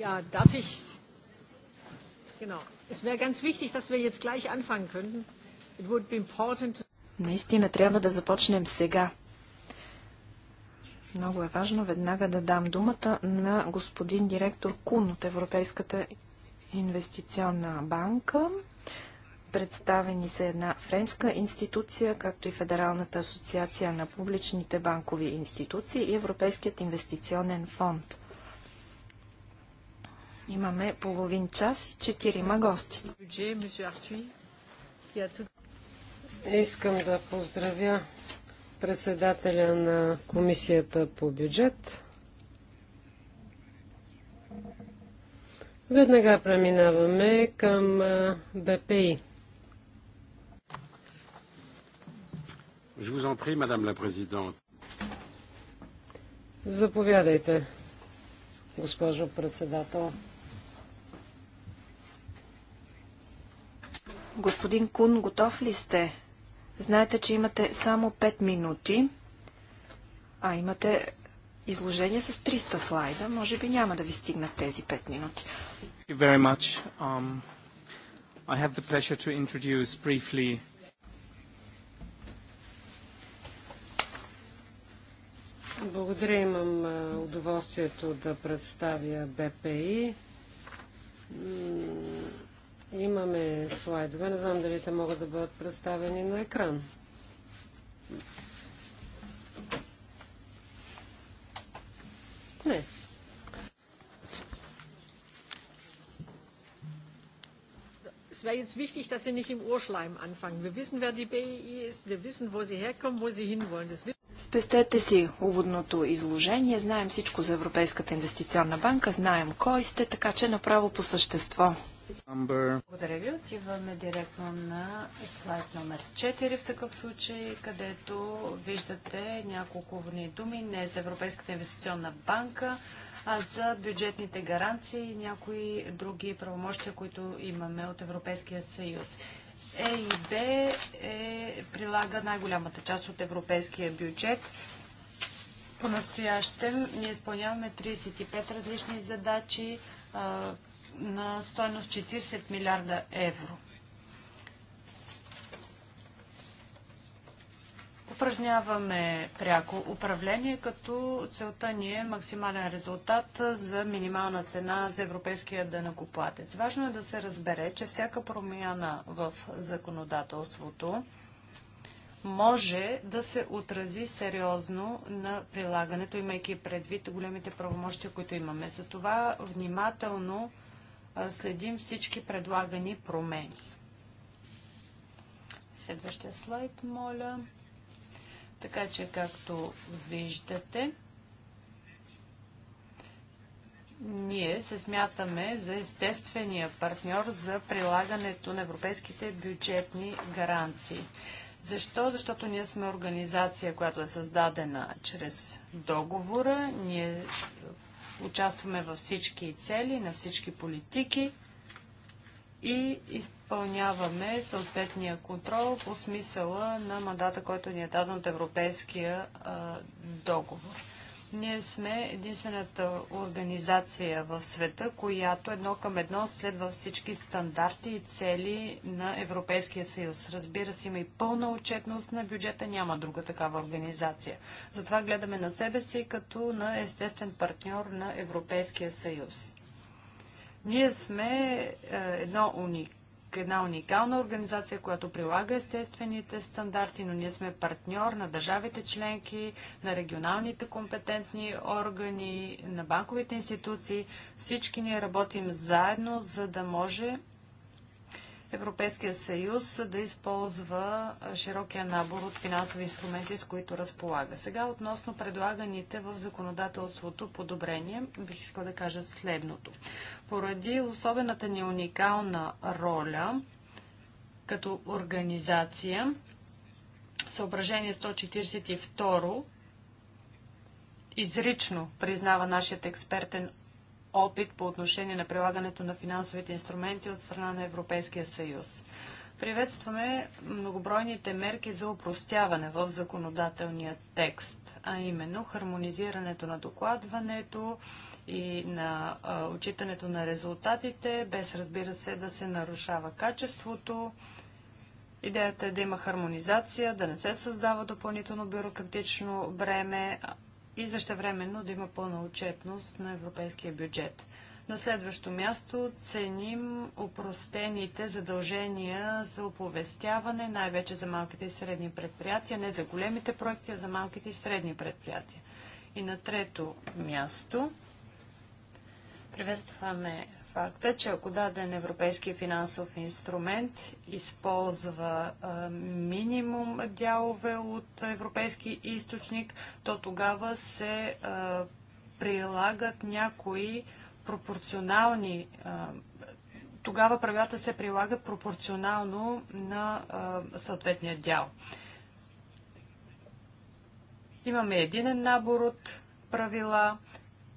Ja, darf ich? Genau. Es wäre ganz wichtig, dass wir jetzt gleich anfangen könnten. It would be important to... Наистина трябва да започнем сега. Много е важно веднага да дам думата на господин директор Кун от Европейската инвестиционна банка. Представени са една френска институция, както и Федералната асоциация на публичните банкови институции и Европейският инвестиционен фонд. Имаме половин час и четирима гости. Искам да поздравя председателя на Комисията по бюджет. Веднага преминаваме към БПИ. Je vous en prie, Madame la Présidente. Заповядайте, госпожо председател. Господин Кун, готов ли сте? Знаете, че имате само 5 минути, а имате изложение с 300 слайда. Може би няма да ви стигнат тези 5 минути. Um, Благодаря, имам удоволствието да представя БПИ Имаме слайдове, не знам дали те могат да бъдат представени на екран. Не. Es wäre jetzt wichtig, dass Sie nicht im Urschleim anfangen. Wir wissen, wer die BEI ist, wir wissen, wo Sie herkommen, wo Sie hinwollen. Das Спестете си уводното изложение. Знаем всичко за Европейската инвестиционна банка, знаем кой сте, така че направо по същество. Number... Благодаря ви. Отиваме директно на слайд номер 4 в такъв случай, където виждате няколко върни думи не за Европейската инвестиционна банка, а за бюджетните гаранции и някои други правомощия, които имаме от Европейския съюз. ЕИБ е, прилага най-голямата част от европейския бюджет. По-настоящем ние изпълняваме 35 различни задачи, на стойност 40 милиарда евро. упражняваме пряко управление, като целта ни е максимален резултат за минимална цена за европейския дънакоплатец. Важно е да се разбере, че всяка промяна в законодателството може да се отрази сериозно на прилагането, имайки предвид големите правомощия, които имаме. За това внимателно следим всички предлагани промени. Следващия слайд, моля. Така че, както виждате, ние се смятаме за естествения партньор за прилагането на европейските бюджетни гаранции. Защо? Защото ние сме организация, която е създадена чрез договора. Ние Участваме във всички цели, на всички политики и изпълняваме съответния контрол по смисъла на мандата, който ни е даден от Европейския договор. Ние сме единствената организация в света, която едно към едно следва всички стандарти и цели на Европейския съюз. Разбира се, има и пълна отчетност на бюджета, няма друга такава организация. Затова гледаме на себе си като на естествен партньор на Европейския съюз. Ние сме е, едно уник една уникална организация, която прилага естествените стандарти, но ние сме партньор на държавите членки, на регионалните компетентни органи, на банковите институции. Всички ние работим заедно, за да може Европейския съюз да използва широкия набор от финансови инструменти, с които разполага. Сега относно предлаганите в законодателството подобрения, бих искал да кажа следното. Поради особената ни уникална роля като организация, съображение 142 изрично признава нашият експертен опит по отношение на прилагането на финансовите инструменти от страна на Европейския съюз. Приветстваме многобройните мерки за упростяване в законодателния текст, а именно хармонизирането на докладването и на а, отчитането на резултатите, без разбира се да се нарушава качеството. Идеята е да има хармонизация, да не се създава допълнително бюрократично бреме, и същевременно да има пълна отчетност на европейския бюджет. На следващо място ценим упростените задължения за оповестяване, най-вече за малките и средни предприятия, не за големите проекти, а за малките и средни предприятия. И на трето място приветстваме факта, че ако даден европейски финансов инструмент използва минимум дялове от европейски източник, то тогава се прилагат някои пропорционални. тогава правилата се прилагат пропорционално на съответния дял. Имаме единен набор от правила,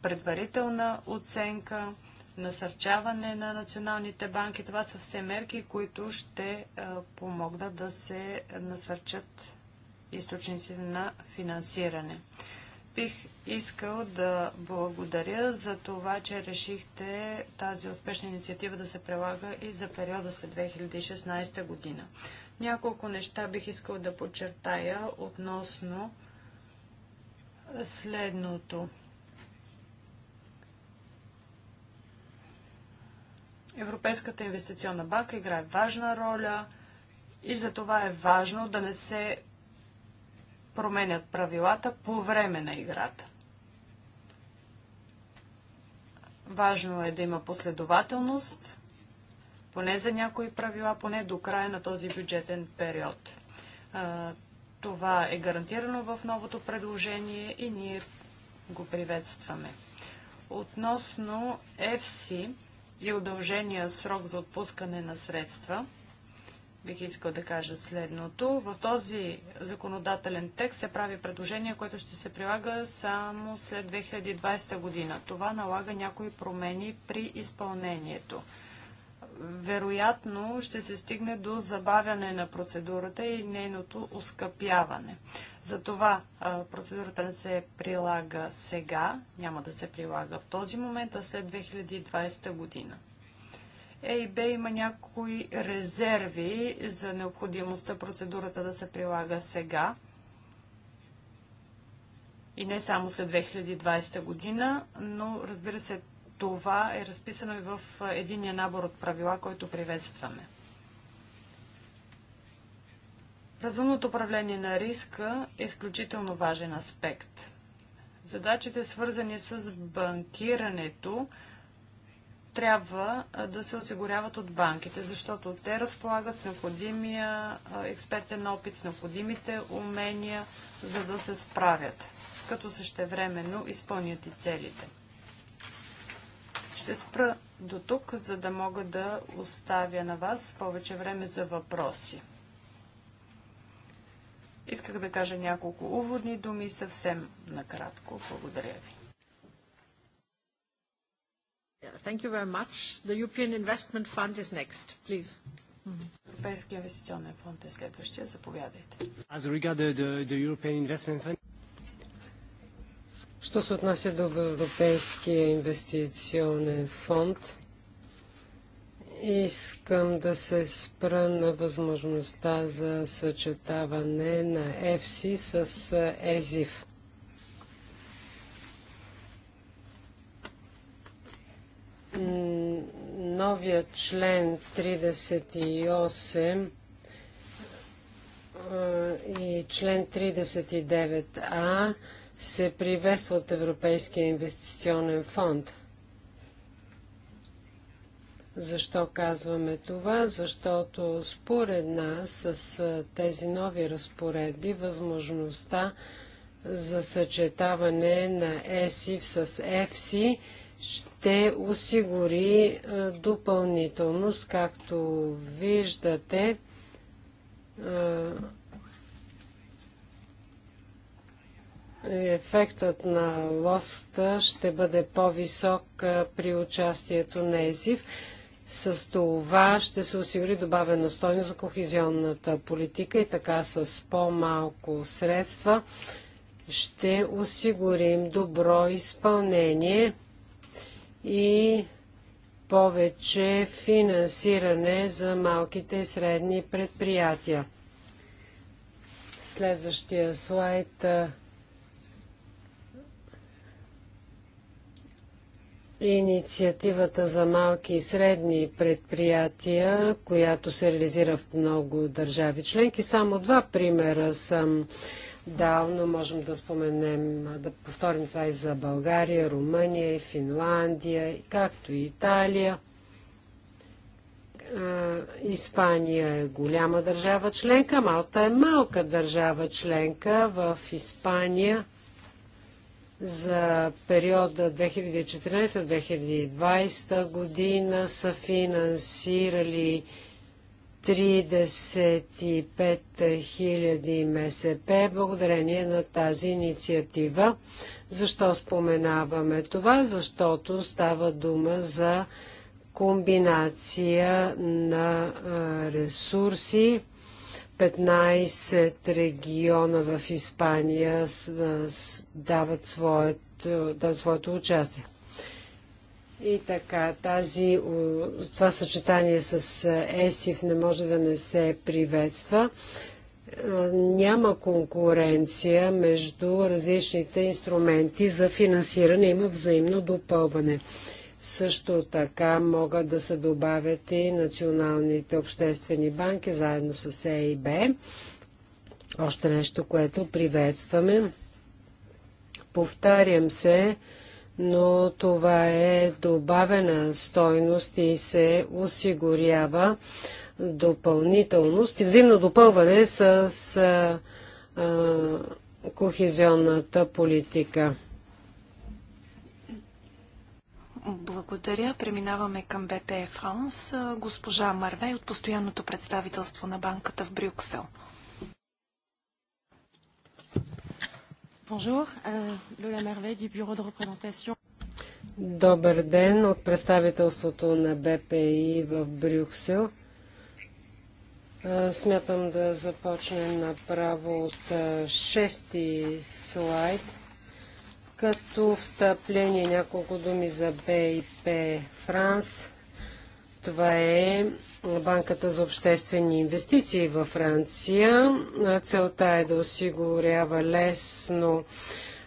предварителна оценка насърчаване на националните банки. Това са все мерки, които ще е, помогнат да се насърчат източниците на финансиране. Бих искал да благодаря за това, че решихте тази успешна инициатива да се прилага и за периода след 2016 година. Няколко неща бих искал да подчертая относно следното. Европейската инвестиционна банка играе важна роля и за това е важно да не се променят правилата по време на играта. Важно е да има последователност, поне за някои правила, поне до края на този бюджетен период. Това е гарантирано в новото предложение и ние го приветстваме. Относно EFSI, и удължения срок за отпускане на средства, бих искал да кажа следното. В този законодателен текст се прави предложение, което ще се прилага само след 2020 година. Това налага някои промени при изпълнението вероятно ще се стигне до забавяне на процедурата и нейното ускъпяване. Затова процедурата не се прилага сега, няма да се прилага в този момент, а след 2020 година. ЕИБ има някои резерви за необходимостта процедурата да се прилага сега и не само след 2020 година, но разбира се, това е разписано и в единия набор от правила, който приветстваме. Разумното управление на риска е изключително важен аспект. Задачите, свързани с банкирането, трябва да се осигуряват от банките, защото те разполагат с необходимия експертен опит, с необходимите умения, за да се справят, като същевременно изпълнят и целите. Ще спра до тук, за да мога да оставя на вас повече време за въпроси. Исках да кажа няколко уводни думи съвсем накратко. Благодаря ви. Thank you very much. The European Investment Fund is next, please. Европейския инвестиционен фонд е следващия. Заповядайте. As regard the, the European Investment Fund... Що се отнася до Европейския инвестиционен фонд, искам да се спра на възможността за съчетаване на ЕФСИ с ЕЗИФ. Новия член 38 и член 39а се приветства от Европейския инвестиционен фонд. Защо казваме това? Защото според нас с тези нови разпоредби възможността за съчетаване на ЕСИФ с ЕФСИ ще осигури допълнителност, както виждате ефектът на лоста ще бъде по-висок при участието на Езив, С това ще се осигури добавена стойност за кохезионната политика и така с по-малко средства ще осигурим добро изпълнение и повече финансиране за малките и средни предприятия. Следващия слайд Инициативата за малки и средни предприятия, която се реализира в много държави членки. Само два примера съм дал, но можем да споменем, да повторим това и за България, Румъния, и Финландия, както и Италия. Испания е голяма държава членка, Малта е малка държава членка. В Испания за периода 2014-2020 година са финансирали 35 000 МСП благодарение на тази инициатива. Защо споменаваме това? Защото става дума за комбинация на ресурси, 15 региона в Испания дават, своето, дават своето участие. И така, тази, това съчетание с е, ЕСИФ не може да не се приветства. Е, няма конкуренция между различните инструменти за финансиране, има взаимно допълване. Също така могат да се добавят и националните обществени банки заедно с ЕИБ. Още нещо, което приветстваме. Повтарям се, но това е добавена стойност и се осигурява допълнителност и взаимно допълване с, а, а, кохезионната политика. Благодаря. Преминаваме към БПЕ Франс. Госпожа Марвей от постоянното представителство на банката в Брюксел. Euh, Добър ден от представителството на БПИ в Брюксел. Смятам да започнем направо от шести слайд – като встъпление няколко думи за БИП Франс. Това е Банката за обществени инвестиции във Франция. Целта е да осигурява лесно,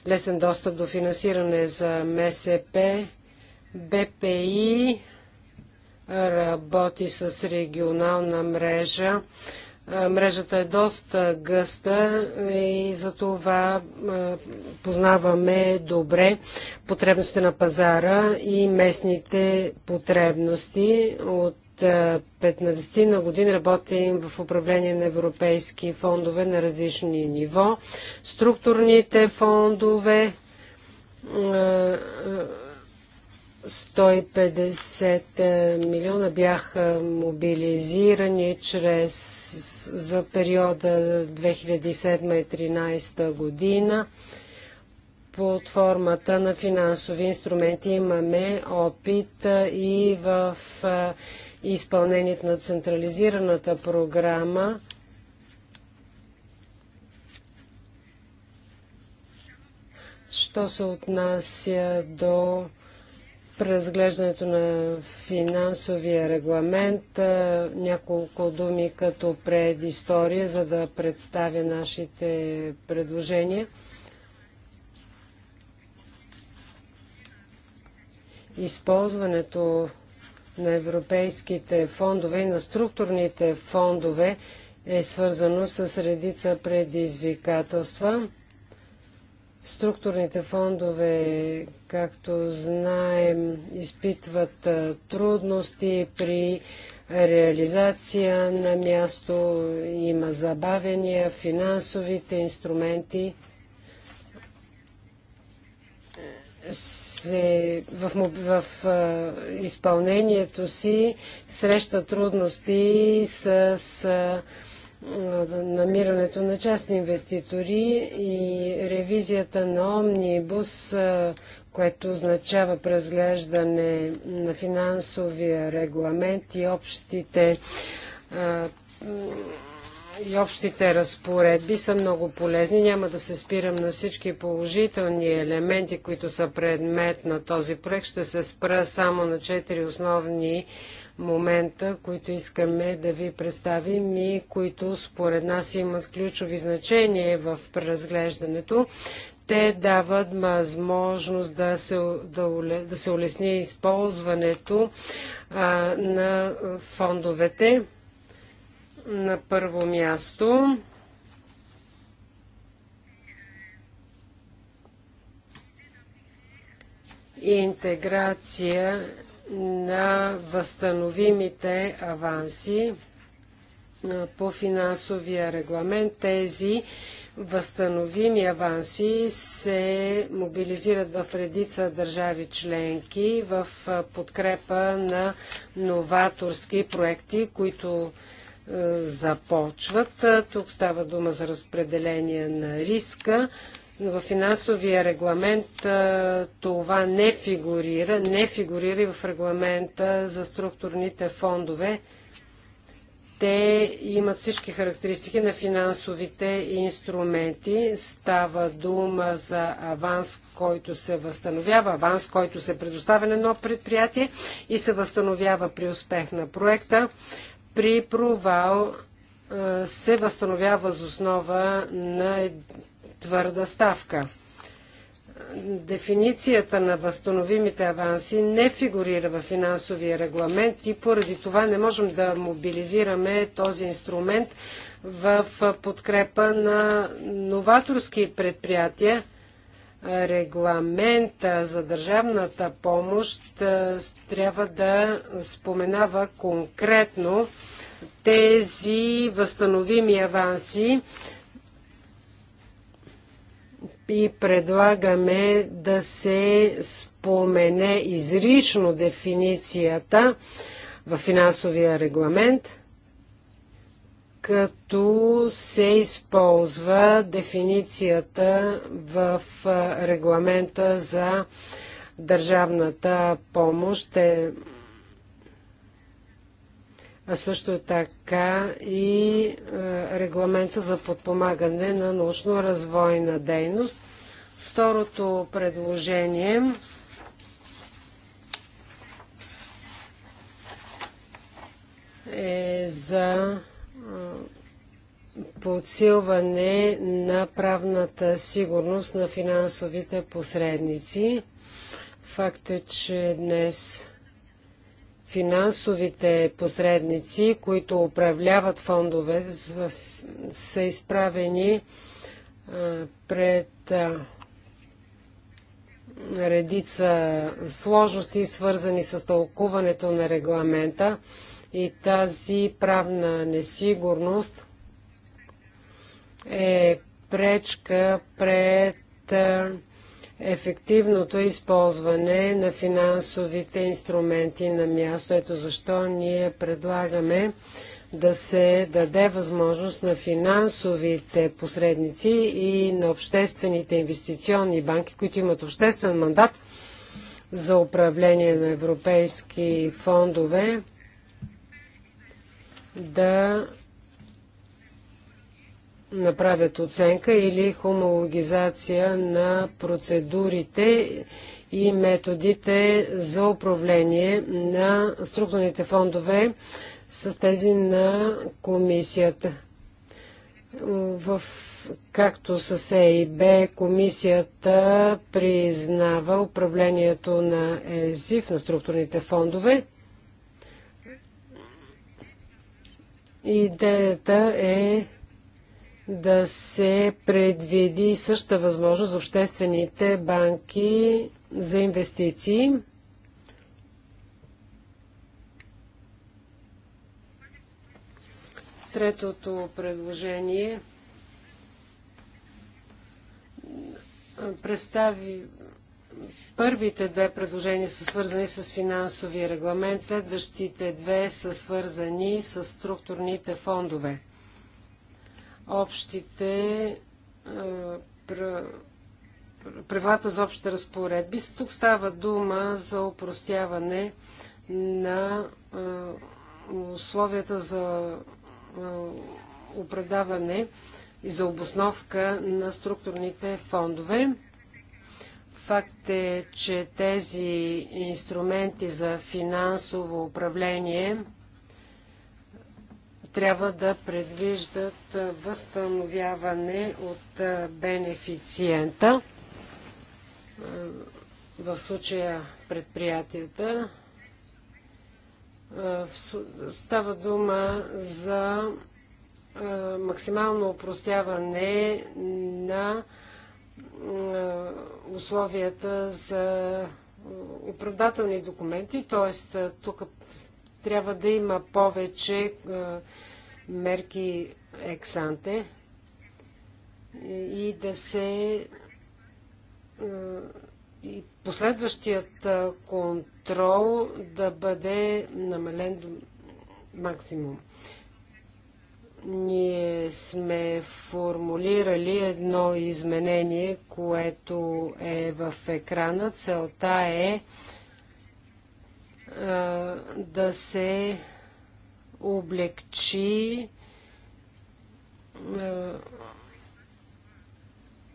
лесен достъп до финансиране за МСП. БПИ работи с регионална мрежа Мрежата е доста гъста и за това познаваме добре потребностите на пазара и местните потребности. От 15 на години работим в управление на европейски фондове на различни ниво. Структурните фондове 150 е, милиона бяха мобилизирани чрез, за периода 2007-2013 година. Под формата на финансови инструменти имаме опит е, и в е, изпълнението на централизираната програма. Що се отнася до преразглеждането на финансовия регламент. Няколко думи като предистория, за да представя нашите предложения. Използването на европейските фондове и на структурните фондове е свързано с редица предизвикателства. Структурните фондове, както знаем, изпитват трудности при реализация на място, има забавения, финансовите инструменти се, в, в, в изпълнението си среща трудности с, с намирането на частни инвеститори и ревизията на Омнибус, което означава преразглеждане на финансовия регламент и общите а, и общите разпоредби са много полезни. Няма да се спирам на всички положителни елементи, които са предмет на този проект. Ще се спра само на четири основни момента, които искаме да ви представим и които според нас имат ключови значения в преразглеждането. Те дават възможност да се, да, да се улесни използването а, на фондовете на първо място. Интеграция на възстановимите аванси по финансовия регламент. Тези възстановими аванси се мобилизират в редица държави членки в подкрепа на новаторски проекти, които е, започват. Е, тук става дума за разпределение на риска. В финансовия регламент е, това не фигурира. Не фигурира и в регламента за структурните фондове. Те имат всички характеристики на финансовите инструменти. Става дума за аванс, който се възстановява, аванс, който се предоставя на едно предприятие и се възстановява при успех на проекта при провал се възстановява основа на е твърда ставка. Дефиницията на възстановимите аванси не фигурира в финансовия регламент и поради това не можем да мобилизираме този инструмент в подкрепа на новаторски предприятия регламента за държавната помощ е, трябва да споменава конкретно тези възстановими аванси и предлагаме да се спомене изрично дефиницията в финансовия регламент – като се използва дефиницията в регламента за държавната помощ. Е, а също така и регламента за подпомагане на научно-развойна дейност. Второто предложение е за подсилване на правната сигурност на финансовите посредници. Факт е, че днес финансовите посредници, които управляват фондове, са изправени пред редица сложности, свързани с тълкуването на регламента. И тази правна несигурност е пречка пред ефективното използване на финансовите инструменти на място. Ето защо ние предлагаме да се даде възможност на финансовите посредници и на обществените инвестиционни банки, които имат обществен мандат за управление на европейски фондове, да направят оценка или хомологизация на процедурите и методите за управление на структурните фондове с тези на комисията. В, както с ЕИБ, комисията признава управлението на ЕЗИФ на структурните фондове Идеята е да се предвиди същата възможност за обществените банки за инвестиции. Третото предложение представи, Първите две предложения са свързани с финансовия регламент, следващите две са свързани с структурните фондове. Общите правилата за общите разпоредби. Тук става дума за упростяване на условията за оправдаване и за обосновка на структурните фондове. Факт е, че тези инструменти за финансово управление трябва да предвиждат възстановяване от бенефициента, в случая предприятията. Става дума за максимално упростяване на условията за оправдателни документи, т.е. тук трябва да има повече мерки ексанте и да се и последващият контрол да бъде намален до максимум. Ние сме формулирали едно изменение, което е в екрана. Целта е да се облегчи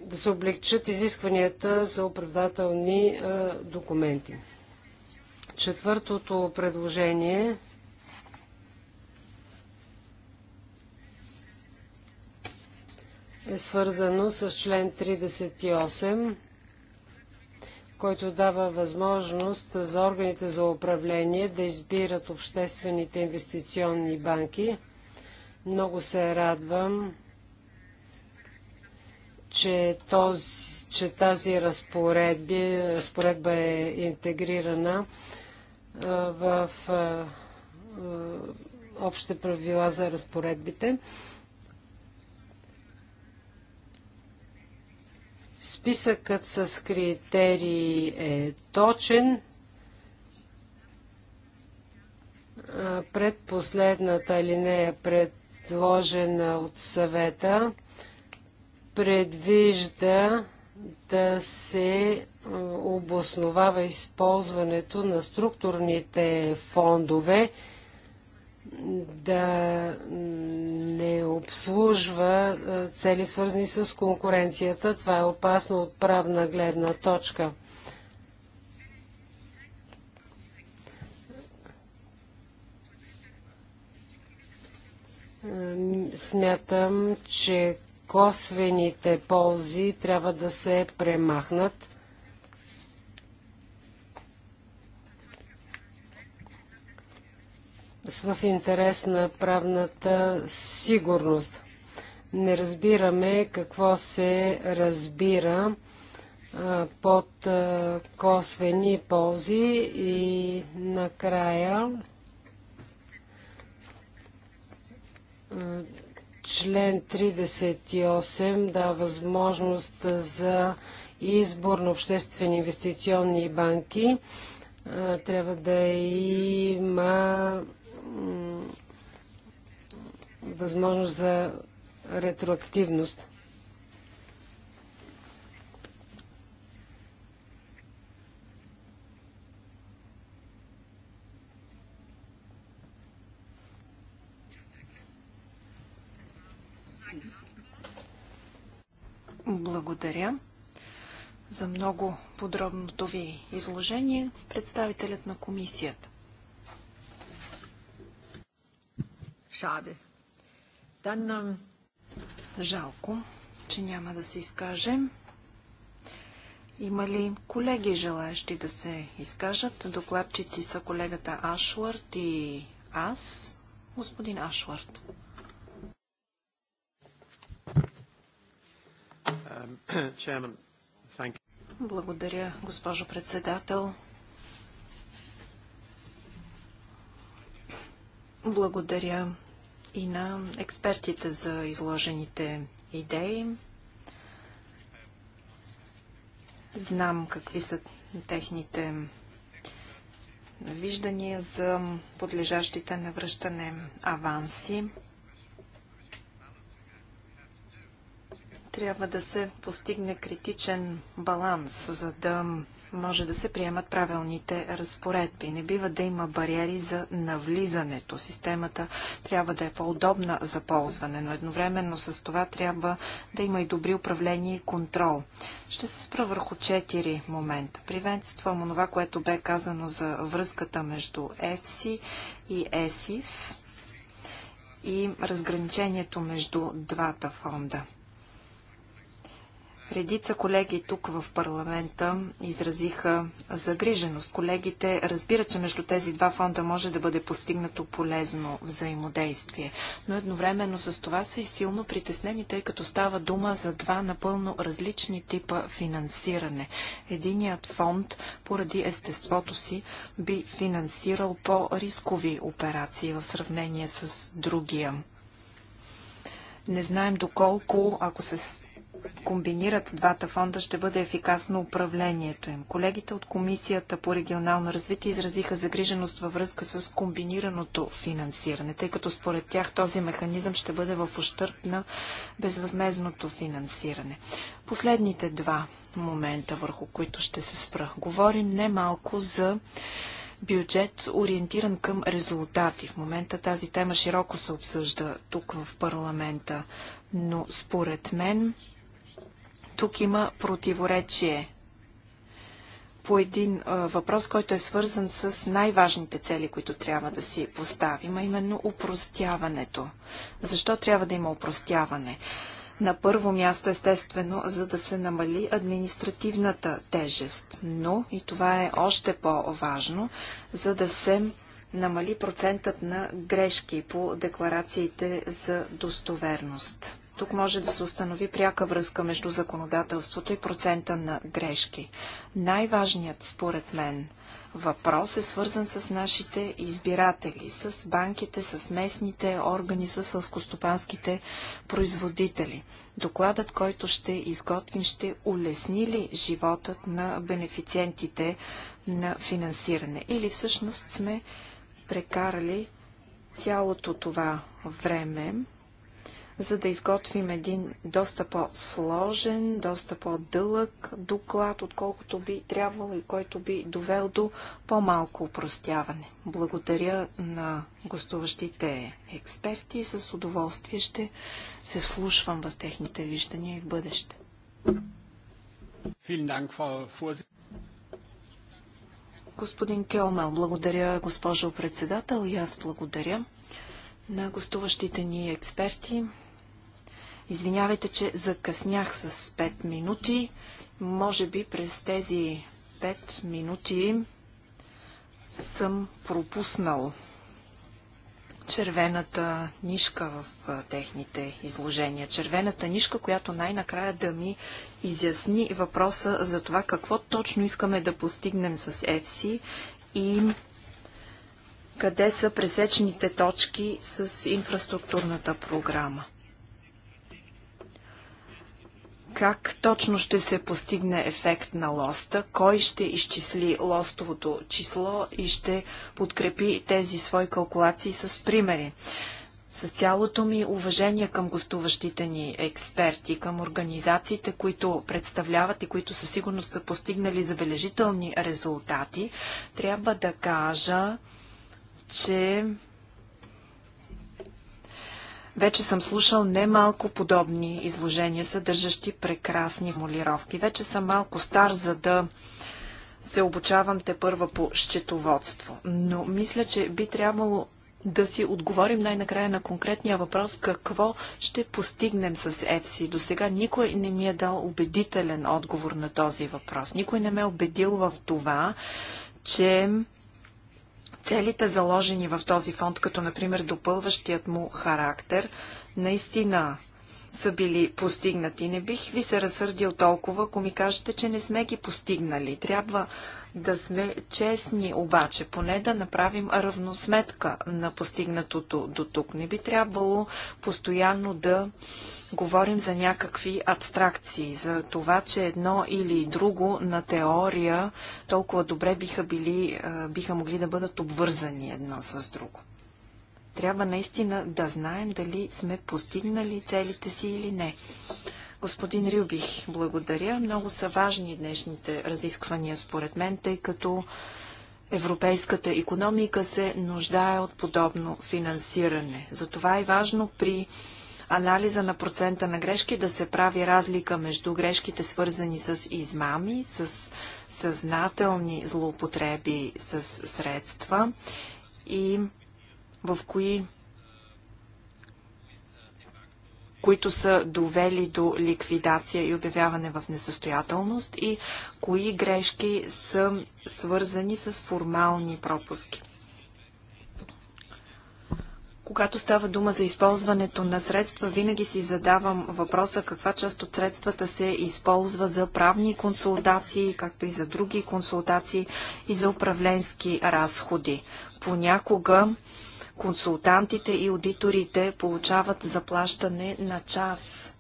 да се облегчат изискванията за оправдателни документи. Четвъртото предложение е свързано с член 38, който дава възможност за органите за управление да избират обществените инвестиционни банки. Много се радвам, че, този, че тази разпоредби, разпоредба е интегрирана в общите правила за разпоредбите. Списъкът с критерии е точен. Пред последната линия, е предложена от съвета, предвижда да се обосновава използването на структурните фондове да не обслужва цели свързани с конкуренцията. Това е опасно от правна гледна точка. Смятам, че косвените ползи трябва да се премахнат в интерес на правната сигурност. Не разбираме какво се разбира под косвени ползи и накрая член 38 дава възможност за избор на обществени инвестиционни банки. Трябва да има възможност за ретроактивност. Благодаря за много подробното ви изложение. Представителят на комисията. Schade. Dann, Жалко, че няма да се изкажем. Има ли колеги желаящи да се изкажат? Докладчици са колегата Ашвард и аз, господин Ашвард. Um, Благодаря, госпожо председател. Благодаря и на експертите за изложените идеи. Знам какви са техните виждания за подлежащите на връщане аванси. Трябва да се постигне критичен баланс, за да може да се приемат правилните разпоредби. Не бива да има бариери за навлизането. Системата трябва да е по-удобна за ползване, но едновременно с това трябва да има и добри управления и контрол. Ще се спра върху четири момента. Приветствам онова, което бе казано за връзката между EFSI и ESIF и разграничението между двата фонда. Редица колеги тук в парламента изразиха загриженост. Колегите разбират, че между тези два фонда може да бъде постигнато полезно взаимодействие, но едновременно с това са и силно притеснени, тъй като става дума за два напълно различни типа финансиране. Единият фонд, поради естеството си, би финансирал по-рискови операции в сравнение с другия. Не знаем доколко, ако се комбинират двата фонда, ще бъде ефикасно управлението им. Колегите от Комисията по регионално развитие изразиха загриженост във връзка с комбинираното финансиране, тъй като според тях този механизъм ще бъде в ущърп на безвъзмезното финансиране. Последните два момента, върху които ще се спра. Говорим немалко за бюджет, ориентиран към резултати. В момента тази тема широко се обсъжда тук в парламента, но според мен тук има противоречие по един а, въпрос, който е свързан с най-важните цели, които трябва да си поставим, а именно упростяването. Защо трябва да има упростяване? На първо място, естествено, за да се намали административната тежест, но, и това е още по-важно, за да се намали процентът на грешки по декларациите за достоверност. Тук може да се установи пряка връзка между законодателството и процента на грешки. Най-важният, според мен, въпрос е свързан с нашите избиратели, с банките, с местните органи, с сълскостопанските производители. Докладът, който ще изготвим, ще улесни ли животът на бенефициентите на финансиране? Или всъщност сме прекарали цялото това време за да изготвим един доста по-сложен, доста по-дълъг доклад, отколкото би трябвало и който би довел до по-малко упростяване. Благодаря на гостуващите експерти и с удоволствие ще се вслушвам в техните виждания и в бъдеще. Господин Келмел, благодаря, госпожо председател, и аз благодаря на гостуващите ни експерти. Извинявайте, че закъснях с 5 минути. Може би през тези 5 минути съм пропуснал червената нишка в техните изложения. Червената нишка, която най-накрая да ми изясни въпроса за това какво точно искаме да постигнем с FC и къде са пресечните точки с инфраструктурната програма. Как точно ще се постигне ефект на лоста? Кой ще изчисли лостовото число и ще подкрепи тези свои калкулации с примери? С цялото ми уважение към гостуващите ни експерти, към организациите, които представляват и които със сигурност са постигнали забележителни резултати, трябва да кажа, че вече съм слушал немалко подобни изложения, съдържащи прекрасни формулировки. Вече съм малко стар, за да се обучавам те първа по счетоводство. Но мисля, че би трябвало да си отговорим най-накрая на конкретния въпрос какво ще постигнем с ЕФСИ. До сега никой не ми е дал убедителен отговор на този въпрос. Никой не ме е убедил в това, че целите заложени в този фонд, като например допълващият му характер, наистина са били постигнати. Не бих ви се разсърдил толкова, ако ми кажете, че не сме ги постигнали. Трябва да сме честни, обаче поне да направим равносметка на постигнатото до тук. Не би трябвало постоянно да говорим за някакви абстракции, за това, че едно или друго на теория толкова добре биха, били, биха могли да бъдат обвързани едно с друго. Трябва наистина да знаем дали сме постигнали целите си или не. Господин Рюбих, благодаря. Много са важни днешните разисквания, според мен, тъй като Европейската економика се нуждае от подобно финансиране. Затова е важно при анализа на процента на грешки да се прави разлика между грешките свързани с измами, с съзнателни злоупотреби с средства и в кои които са довели до ликвидация и обявяване в несъстоятелност и кои грешки са свързани с формални пропуски. Когато става дума за използването на средства, винаги си задавам въпроса каква част от средствата се използва за правни консултации, както и за други консултации и за управленски разходи. Понякога консултантите и аудиторите получават заплащане на час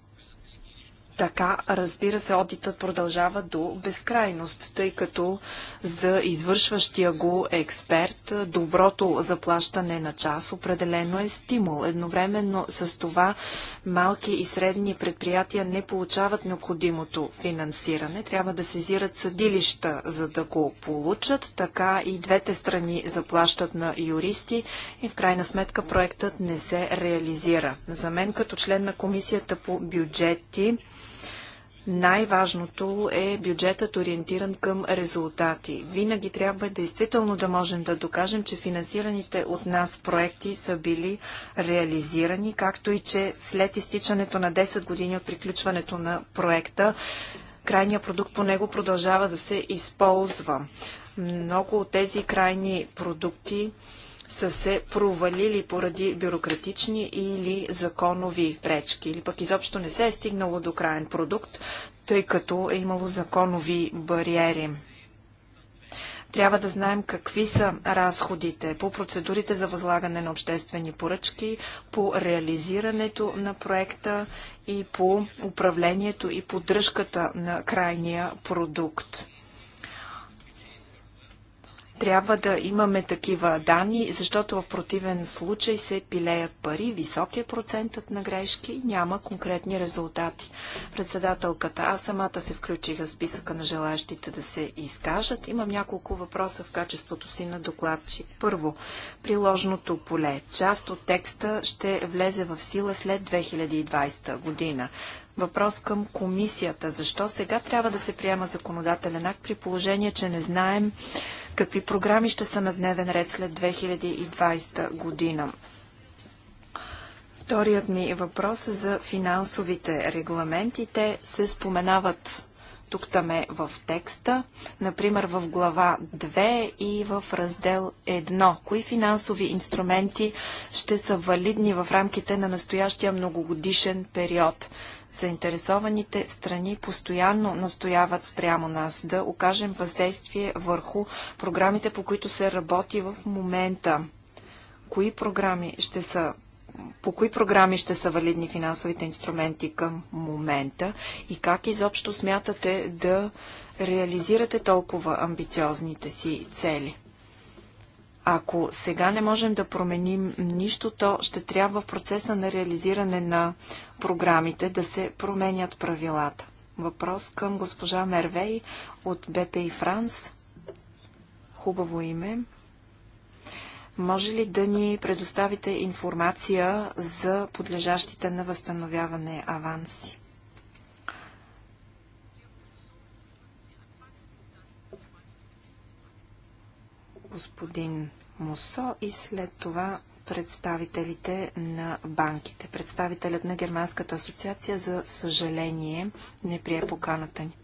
така, разбира се, одитът продължава до безкрайност, тъй като за извършващия го експерт доброто заплащане на час определено е стимул. Едновременно с това малки и средни предприятия не получават необходимото финансиране. Трябва да сезират съдилища, за да го получат. Така и двете страни заплащат на юристи и в крайна сметка проектът не се реализира. За мен като член на комисията по бюджети, най-важното е бюджетът ориентиран към резултати. Винаги трябва действително да можем да докажем, че финансираните от нас проекти са били реализирани, както и че след изтичането на 10 години от приключването на проекта, крайният продукт по него продължава да се използва. Много от тези крайни продукти са се провалили поради бюрократични или законови пречки, или пък изобщо не се е стигнало до крайен продукт, тъй като е имало законови бариери. Трябва да знаем какви са разходите по процедурите за възлагане на обществени поръчки, по реализирането на проекта и по управлението и поддръжката на крайния продукт. Трябва да имаме такива данни, защото в противен случай се пилеят пари, високия процентът на грешки, няма конкретни резултати. Председателката, аз самата се включих в списъка на желащите да се изкажат. Имам няколко въпроса в качеството си на докладчик. Първо, приложното поле. Част от текста ще влезе в сила след 2020 година. Въпрос към комисията. Защо сега трябва да се приема законодателен акт при положение, че не знаем Какви програми ще са на дневен ред след 2020 година? Вторият ми въпрос е за финансовите регламенти. Те се споменават тук-таме в текста, например в глава 2 и в раздел 1. Кои финансови инструменти ще са валидни в рамките на настоящия многогодишен период? Заинтересованите страни постоянно настояват спрямо нас да окажем въздействие върху програмите, по които се работи в момента. Кои програми ще са по кои програми ще са валидни финансовите инструменти към момента и как изобщо смятате да реализирате толкова амбициозните си цели? Ако сега не можем да променим нищо, то ще трябва в процеса на реализиране на програмите да се променят правилата. Въпрос към госпожа Мервей от БПИ Франс. Хубаво име. Може ли да ни предоставите информация за подлежащите на възстановяване аванси? господин Мусо и след това представителите на банките. Представителят на Германската асоциация, за съжаление, не прие поканата ни.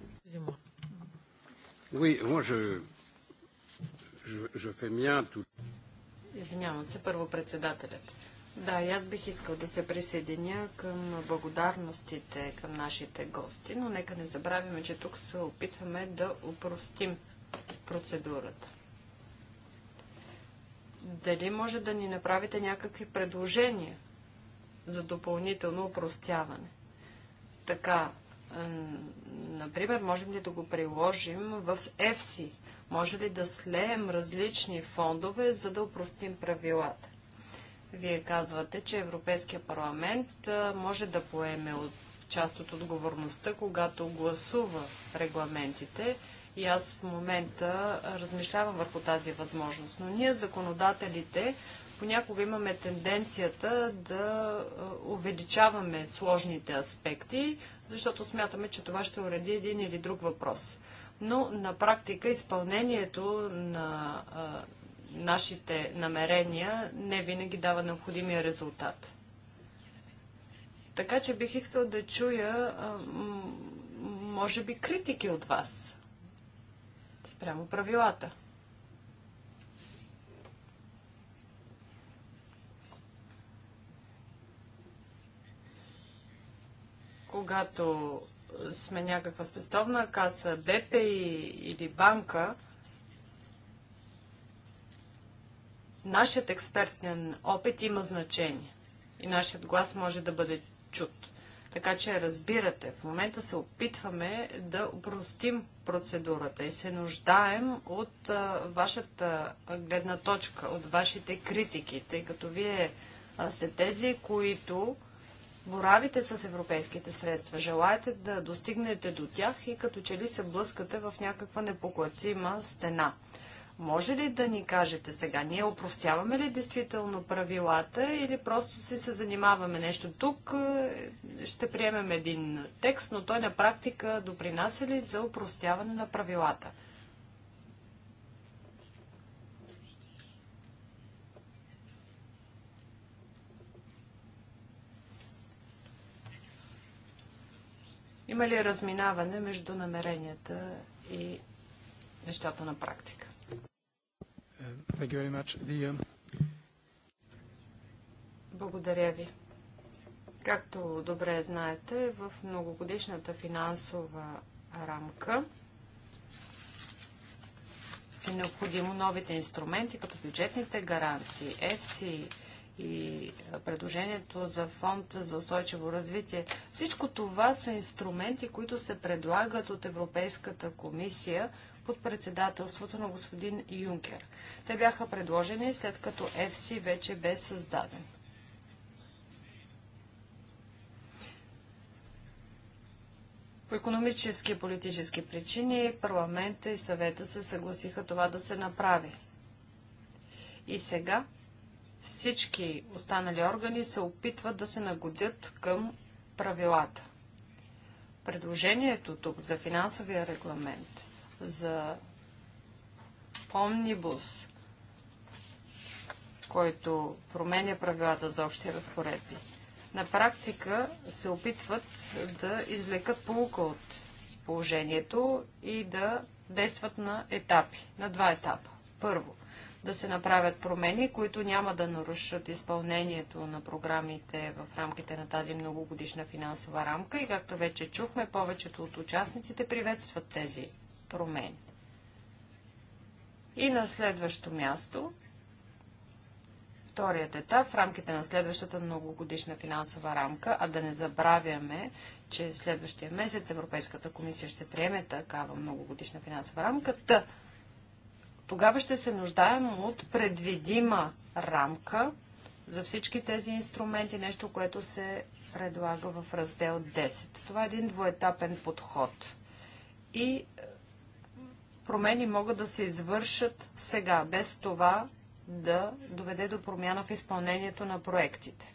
Извинявам се, първо председателят. Да, и аз бих искал да се присъединя към благодарностите към нашите гости, но нека не забравяме, че тук се опитваме да упростим процедурата дали може да ни направите някакви предложения за допълнително упростяване. Така, например, можем ли да го приложим в EFSI? Може ли да слеем различни фондове, за да упростим правилата? Вие казвате, че Европейския парламент може да поеме от част от отговорността, когато гласува регламентите, и аз в момента размишлявам върху тази възможност. Но ние, законодателите, понякога имаме тенденцията да увеличаваме сложните аспекти, защото смятаме, че това ще уреди един или друг въпрос. Но на практика изпълнението на а, нашите намерения не винаги дава необходимия резултат. Така че бих искал да чуя, а, може би, критики от вас спрямо правилата. Когато сме някаква спестовна каса, БПИ или банка, нашият експертен опит има значение и нашият глас може да бъде чут. Така че разбирате, в момента се опитваме да упростим процедурата и се нуждаем от а, вашата гледна точка, от вашите критики, тъй като вие а, сте тези, които боравите с европейските средства, желаете да достигнете до тях и като че ли се блъскате в някаква непоклатима стена. Може ли да ни кажете сега, ние опростяваме ли действително правилата или просто си се занимаваме нещо тук, е, ще приемем един текст, но той на практика допринася ли за опростяване на правилата? Има ли разминаване между намеренията и нещата на практика? Thank you very much. The, um... Благодаря ви. Както добре знаете, в многогодишната финансова рамка е необходимо новите инструменти, като бюджетните гаранции, ЕФСИ и предложението за фонд за устойчиво развитие. Всичко това са инструменти, които се предлагат от Европейската комисия под председателството на господин Юнкер. Те бяха предложени след като ЕФСИ вече бе създаден. По економически и политически причини парламента и съвета се съгласиха това да се направи. И сега всички останали органи се опитват да се нагодят към правилата. Предложението тук за финансовия регламент, за помнибус, който променя правилата за общи разпоредби, на практика се опитват да извлекат полука от положението и да действат на етапи, на два етапа. Първо, да се направят промени, които няма да нарушат изпълнението на програмите в рамките на тази многогодишна финансова рамка и както вече чухме, повечето от участниците приветстват тези промени. И на следващо място, вторият етап в рамките на следващата многогодишна финансова рамка, а да не забравяме, че следващия месец Европейската комисия ще приеме такава многогодишна финансова рамка. тъ, тогава ще се нуждаем от предвидима рамка за всички тези инструменти, нещо, което се предлага в раздел 10. Това е един двоетапен подход. И е, промени могат да се извършат сега, без това да доведе до промяна в изпълнението на проектите.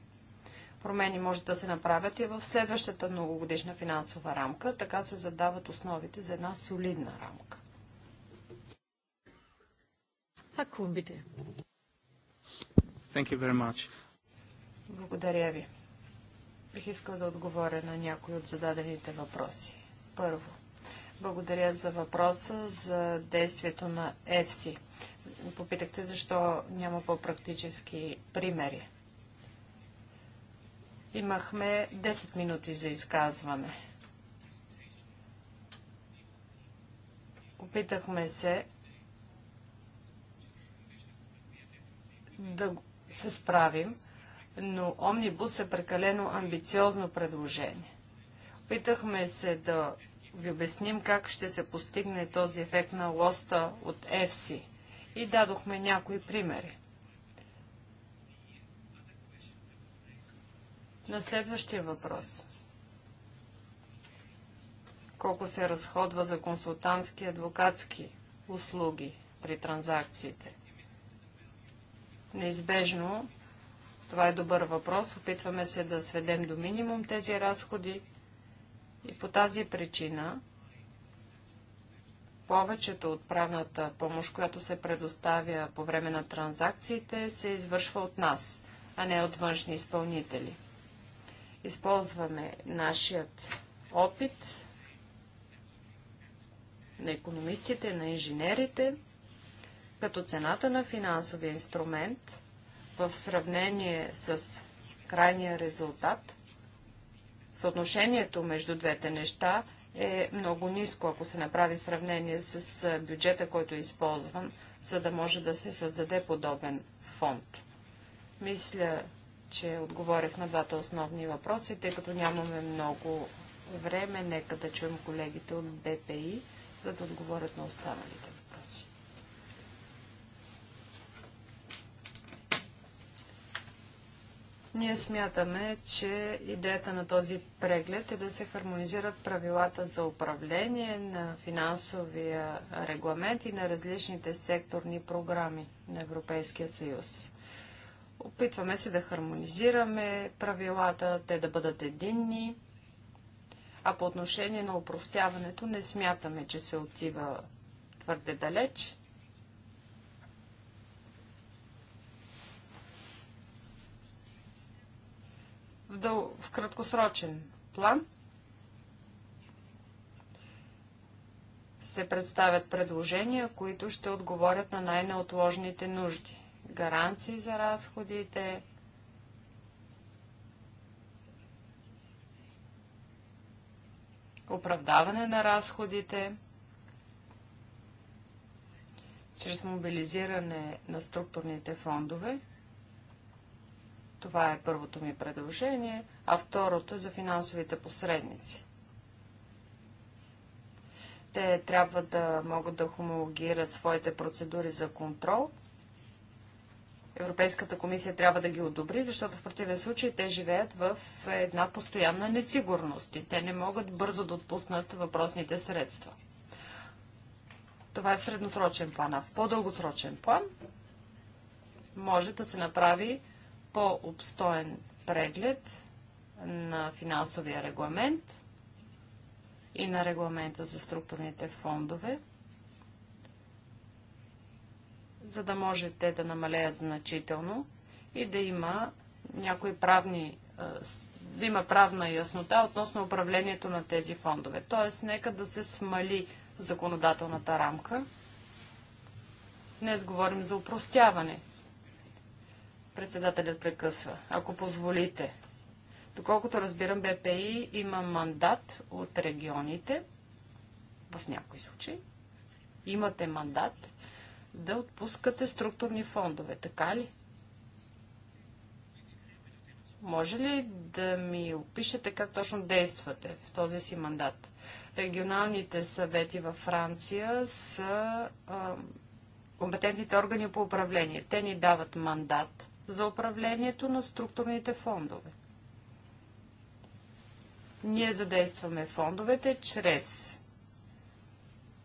Промени може да се направят и в следващата многогодишна финансова рамка, така се задават основите за една солидна рамка. Herr Kuhn, bitte. Thank you very much. Благодаря ви. Бих искал да отговоря на някои от зададените въпроси. Първо, благодаря за въпроса за действието на ЕФСИ. Попитахте защо няма по-практически примери. Имахме 10 минути за изказване. Опитахме се да се справим, но Омнибус е прекалено амбициозно предложение. Опитахме се да ви обясним как ще се постигне този ефект на лоста от ЕФСИ и дадохме някои примери. На следващия въпрос. Колко се разходва за консултантски и адвокатски услуги при транзакциите? Неизбежно, това е добър въпрос, опитваме се да сведем до минимум тези разходи и по тази причина повечето от правната помощ, която се предоставя по време на транзакциите, се извършва от нас, а не от външни изпълнители. Използваме нашият опит на економистите, на инженерите – като цената на финансовия инструмент в сравнение с крайния резултат, съотношението между двете неща е много ниско, ако се направи сравнение с бюджета, който е използван, за да може да се създаде подобен фонд. Мисля, че отговорих на двата основни въпроси, тъй като нямаме много време. Нека да чуем колегите от БПИ, за да отговорят на останалите Ние смятаме, че идеята на този преглед е да се хармонизират правилата за управление на финансовия регламент и на различните секторни програми на Европейския съюз. Опитваме се да хармонизираме правилата, те да бъдат единни, а по отношение на упростяването не смятаме, че се отива твърде далеч. в, дъл... в краткосрочен план се представят предложения, които ще отговорят на най-неотложните нужди. Гаранции за разходите, оправдаване на разходите, чрез мобилизиране на структурните фондове – това е първото ми предложение, а второто е за финансовите посредници. Те трябва да могат да хомологират своите процедури за контрол. Европейската комисия трябва да ги одобри, защото в противен случай те живеят в една постоянна несигурност и те не могат бързо да отпуснат въпросните средства. Това е в средносрочен план, а в по-дългосрочен план може да се направи по-обстоен преглед на финансовия регламент и на регламента за структурните фондове, за да може те да намалеят значително и да има някои правни да има правна яснота относно управлението на тези фондове. Тоест, нека да се смали законодателната рамка. Днес говорим за упростяване Председателят прекъсва. Ако позволите. Доколкото разбирам, БПИ има мандат от регионите, в някои случаи. Имате мандат да отпускате структурни фондове, така ли? Може ли да ми опишете как точно действате в този си мандат? Регионалните съвети във Франция са а, компетентните органи по управление. Те ни дават мандат за управлението на структурните фондове. Ние задействаме фондовете чрез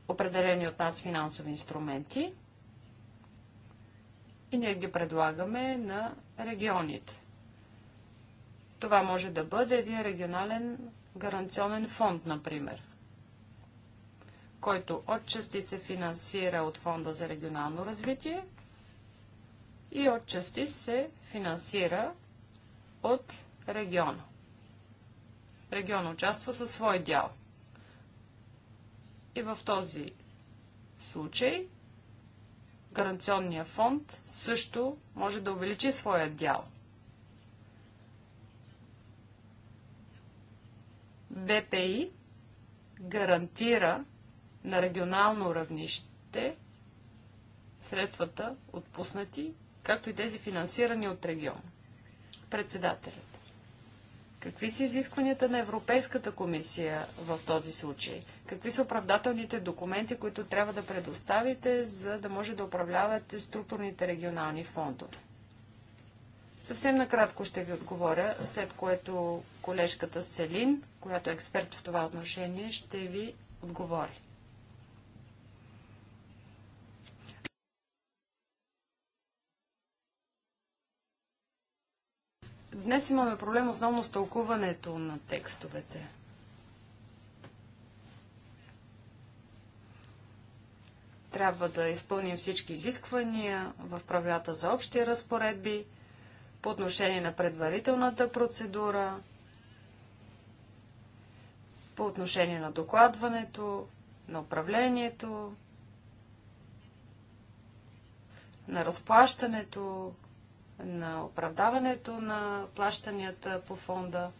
определени от нас финансови инструменти и ние ги предлагаме на регионите. Това може да бъде един регионален гаранционен фонд, например, който отчасти се финансира от Фонда за регионално развитие, и отчасти се финансира от региона. Региона участва със свой дял. И в този случай гаранционния фонд също може да увеличи своя дял. БПИ гарантира на регионално равнище средствата отпуснати както и тези финансирани от регион. Председателят. Какви са изискванията на Европейската комисия в този случай? Какви са оправдателните документи, които трябва да предоставите, за да може да управлявате структурните регионални фондове? Съвсем накратко ще ви отговоря, след което колежката Селин, която е експерт в това отношение, ще ви отговори. Днес имаме проблем основно с тълкуването на текстовете. Трябва да изпълним всички изисквания в правилата за общи разпоредби, по отношение на предварителната процедура, по отношение на докладването, на управлението, на разплащането, на оправдаването на плащанията по фонда.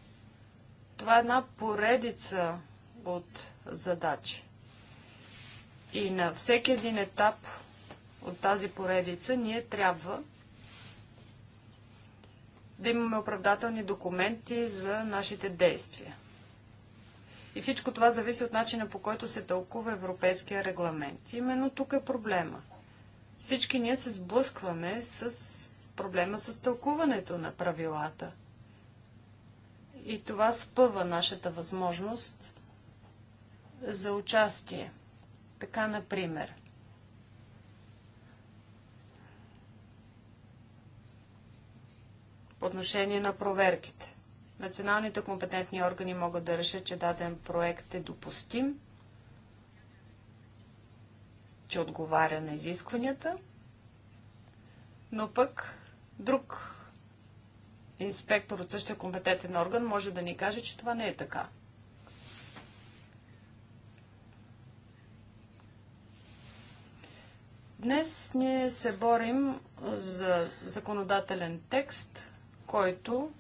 Това е една поредица от задачи. И на всеки един етап от тази поредица ние трябва да имаме оправдателни документи за нашите действия. И всичко това зависи от начина по който се тълкува европейския регламент. Именно тук е проблема. Всички ние се сблъскваме с проблема с тълкуването на правилата. И това спъва нашата възможност за участие. Така, например, по отношение на проверките. Националните компетентни органи могат да решат, че даден проект е допустим, че отговаря на изискванията, но пък Друг инспектор от същия компетентен орган може да ни каже, че това не е така. Днес ние се борим за законодателен текст, който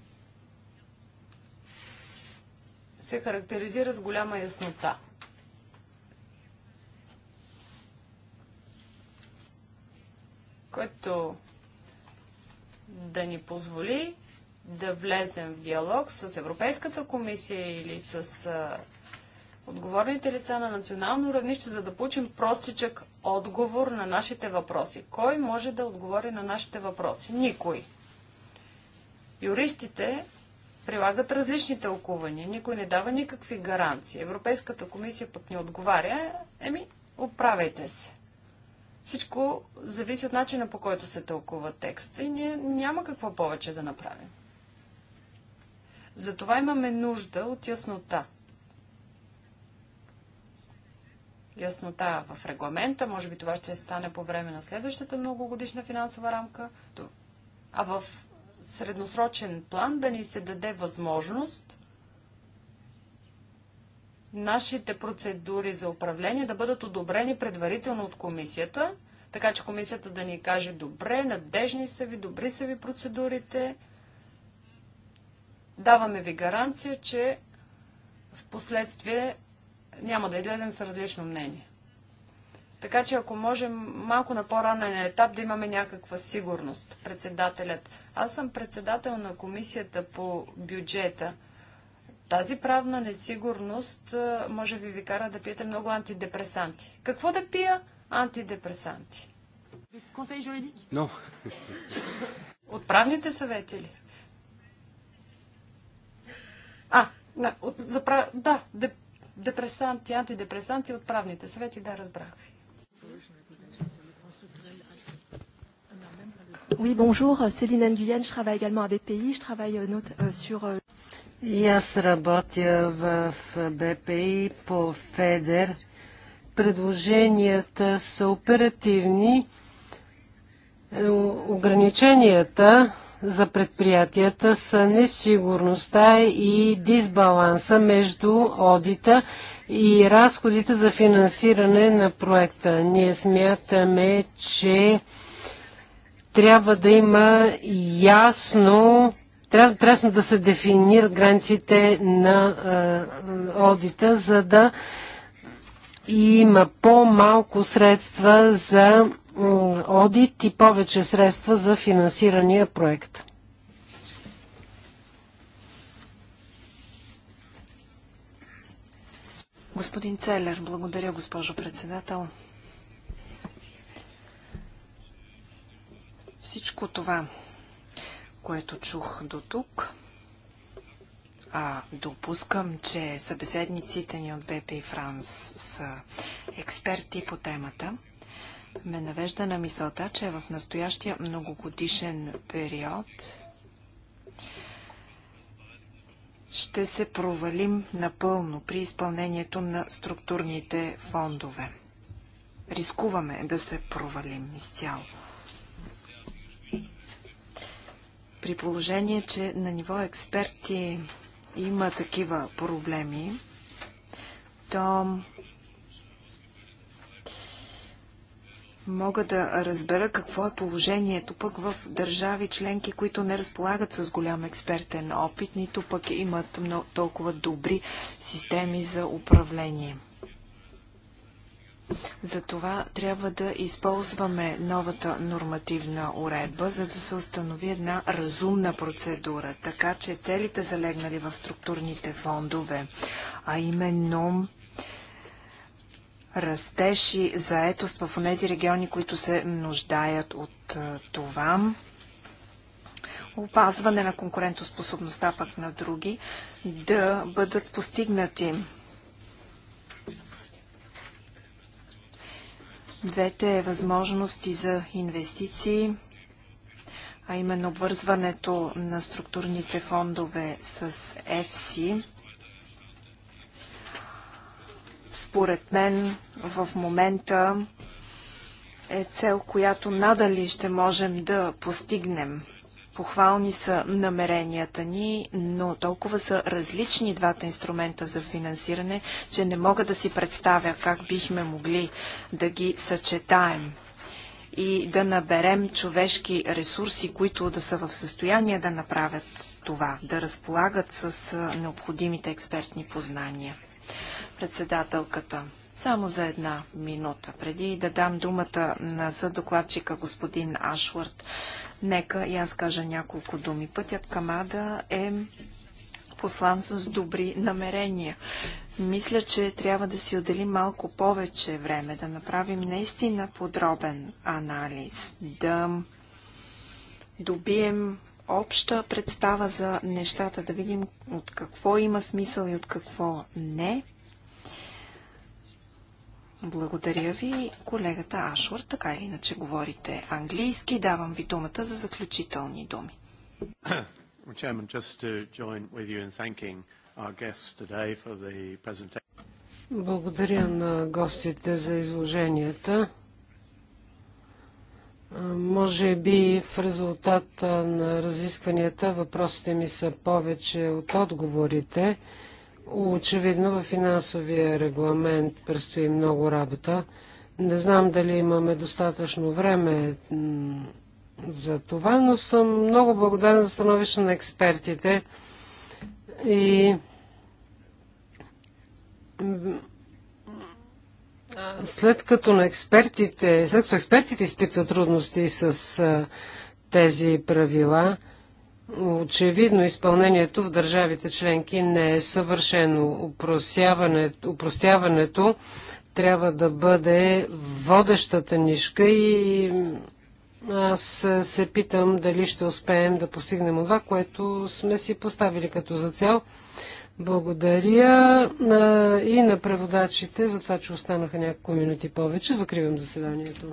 се характеризира с голяма яснота. Който да ни позволи да влезем в диалог с Европейската комисия или с а, отговорните лица на национално равнище, за да получим простичък отговор на нашите въпроси. Кой може да отговори на нашите въпроси? Никой. Юристите прилагат различни тълкувания. Никой не дава никакви гаранции. Европейската комисия пък не отговаря. Еми, оправяйте се. Всичко зависи от начина по който се тълкува текста и ние няма какво повече да направим. Затова имаме нужда от яснота. Яснота в регламента, може би това ще стане по време на следващата многогодишна финансова рамка, а в средносрочен план да ни се даде възможност нашите процедури за управление да бъдат одобрени предварително от комисията, така че комисията да ни каже добре, надежни са ви, добри са ви процедурите. Даваме ви гаранция, че в последствие няма да излезем с различно мнение. Така че ако можем малко на по-ранен етап да имаме някаква сигурност, председателят. Аз съм председател на комисията по бюджета – тази правна несигурност може би ви кара да пиете много антидепресанти. Какво да пия? Антидепресанти. No. От правните съвети ли? А, да, от, за, да деп, депресанти, антидепресанти от правните съвети, да, разбрах Oui, bonjour, Céline Nguyen, je travaille également à BPI, je travaille euh, euh sur... Euh... И аз работя в БПИ по ФЕДЕР. Предложенията са оперативни. Е, ограниченията за предприятията са несигурността и дисбаланса между одита и разходите за финансиране на проекта. Ние смятаме, че трябва да има ясно трябва точно да се дефинират границите на е, одита, за да има по-малко средства за е, одит и повече средства за финансирания проект. Господин Целер, благодаря, госпожо председател. Всичко това, което чух до тук. А, допускам, че събеседниците ни от БП и Франс са експерти по темата. Ме навежда на мисълта, че в настоящия многогодишен период ще се провалим напълно при изпълнението на структурните фондове. Рискуваме да се провалим изцяло. При положение, че на ниво експерти има такива проблеми, то мога да разбера какво е положението пък в държави членки, които не разполагат с голям експертен опит, нито пък имат много, толкова добри системи за управление. Затова трябва да използваме новата нормативна уредба, за да се установи една разумна процедура, така че целите залегнали в структурните фондове, а именно растеж и заетост в тези региони, които се нуждаят от това, опазване на конкурентоспособността пък на други, да бъдат постигнати двете възможности за инвестиции, а именно обвързването на структурните фондове с ЕФСИ, според мен в момента е цел, която надали ще можем да постигнем. Похвални са намеренията ни, но толкова са различни двата инструмента за финансиране, че не мога да си представя как бихме могли да ги съчетаем и да наберем човешки ресурси, които да са в състояние да направят това, да разполагат с необходимите експертни познания. Председателката, само за една минута, преди да дам думата на съдокладчика господин Ашвард, Нека и аз кажа няколко думи. Пътят към Ада е послан с добри намерения. Мисля, че трябва да си отделим малко повече време, да направим наистина подробен анализ, да добием обща представа за нещата, да видим от какво има смисъл и от какво не. Благодаря ви, колегата Ашвар. Така или иначе говорите английски. Давам ви думата за заключителни думи. Благодаря на гостите за изложенията. Може би в резултат на разискванията въпросите ми са повече от отговорите. Очевидно в финансовия регламент предстои много работа. Не знам дали имаме достатъчно време за това, но съм много благодарен за становище на експертите и след като на експертите, след като експертите изпитват трудности с тези правила, Очевидно изпълнението в държавите членки не е съвършено. Упростяването трябва да бъде водещата нишка и аз се питам дали ще успеем да постигнем това, което сме си поставили като за цял. Благодаря и на преводачите за това, че останаха няколко минути повече. Закривам заседанието.